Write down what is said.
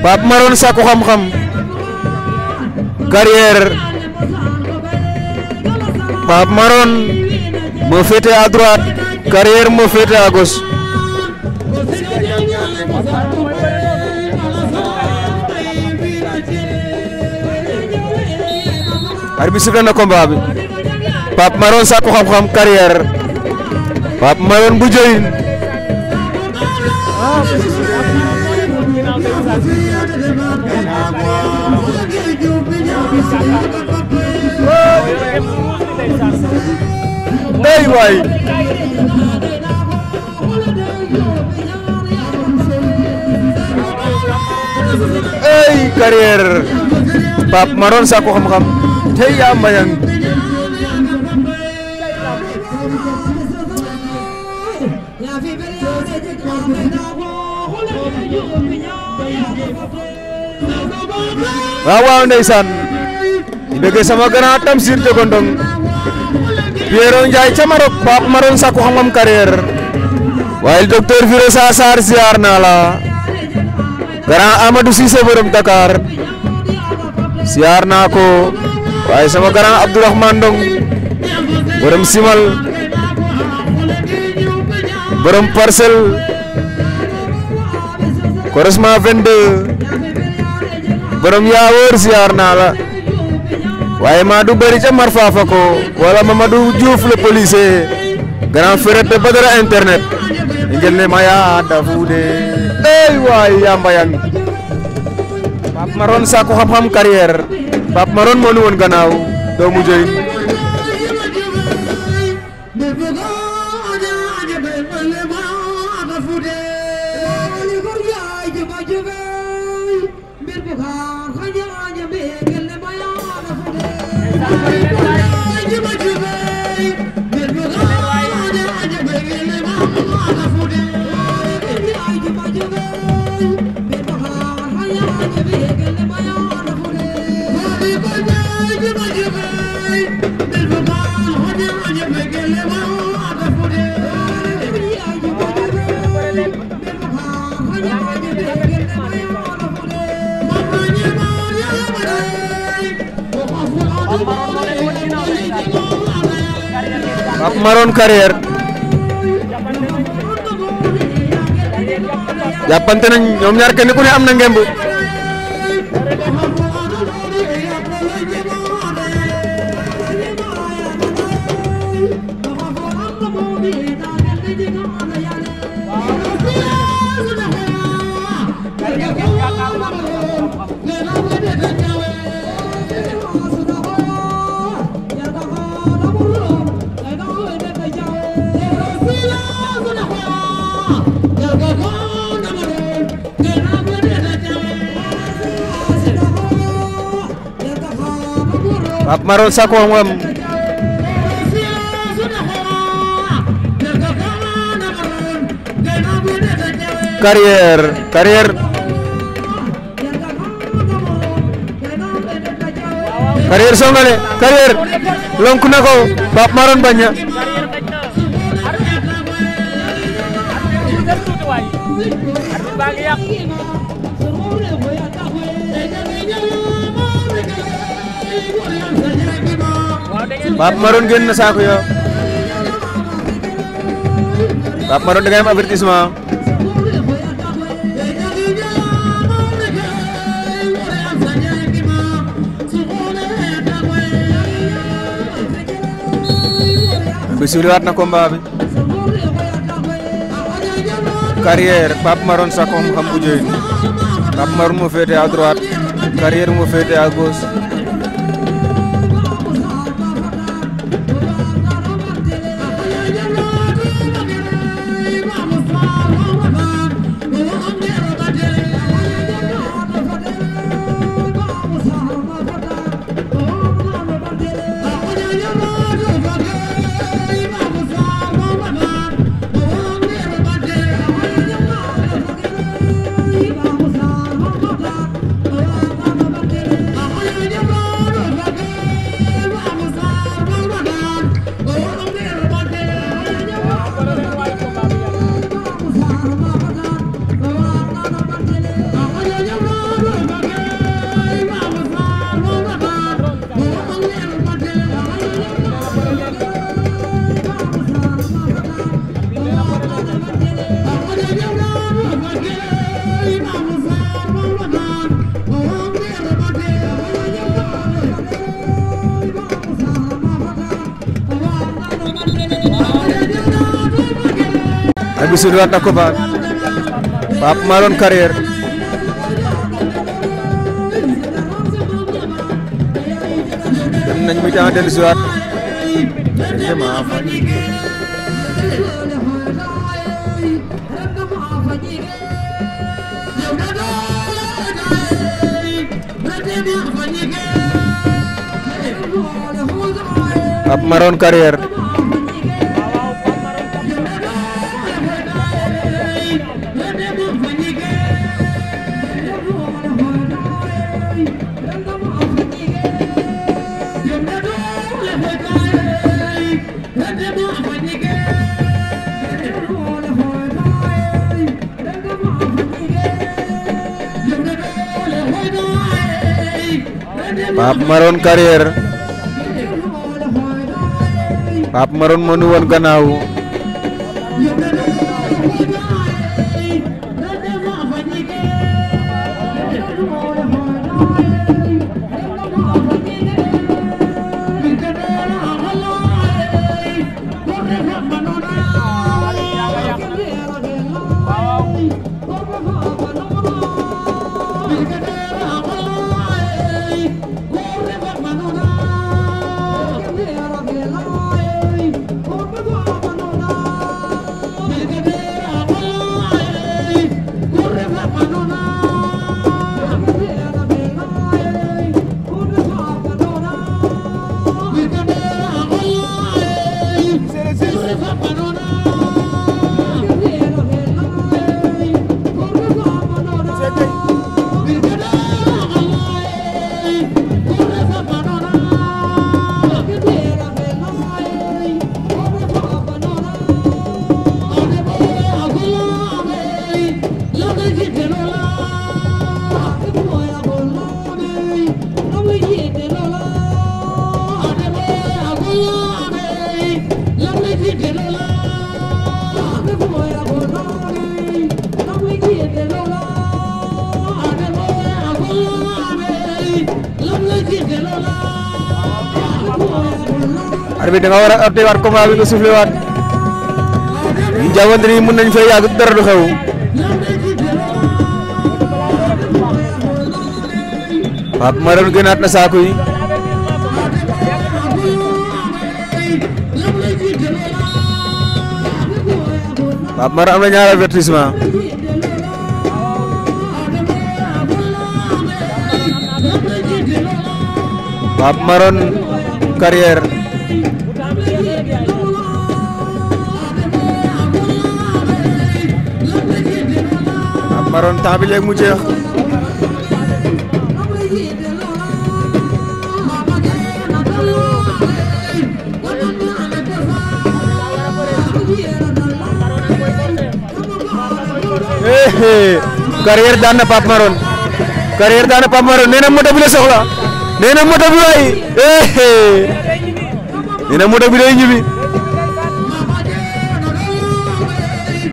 Pape Maroon sàkku xam-xam carrière Pape Maroon moo féete à droite carrière moo na combat bi Maroon sàkku xam-xam carrière Pape Maroon bu day waay ay carrière Pape Maron Sakku Xam-Xam tey yaa mbayang waaw waaw ndeysaan bëgg sama grand Tamsir Jogondong Pierrot Ndiaye ca Maroc Pape Maroon sàkku xam-xam carrière waaye docteur Firosa Sarr siyaar naa la grand Amadou Cissé borom Dakar siyaar naa ko waaye sama grand Abdourahmane Ndong borom Simal borom Parcelles Corosma 22 borom yaa wóor siyaar naa la waaye maa du bëri ca Marfafa ko wala Mamadou Diouf le policier grand frère de Badara internet ngel ne ma yaa dafuude ey waay yaa mbayang Pape Maron sàkku xam-xam carrière Pape Maron moo nu woon gannaaw doomu jëriñ jugay mbir bu xaar xajaaj a bégal le bayaan a Pape Maron Carrière jàppante nañ ñoom ñaar ku ne am na ngemb Pape Maron Sakho ngam carrière carrière carrière songale carrière lonku Bap Marun gen na sako yo. Bap Marun dengan ngay am avertissement. wat na komba bi. Carrière Bap Marun sa ko xam bu joy. Marun mo fete à droite, Carrière mo fete à gauche. Bissou Lat ak Kopa Pape Malone Pape Maroon carrière Pape Maroon moo nu woon gannaaw arbitre da nga war a atte waat combat bi nga soufflé waat ñu jàppante ni mën nañ fee yàgg dara du xew. Pape Maron gënaat na saako yi. Pape am na ñaar avertissement. Pape Maron carrière. Maron eh, eh, daan na Pape Maron carrière daan na Pape Maron nee na moto bi la soxla nee na moto bi waay eh, nee na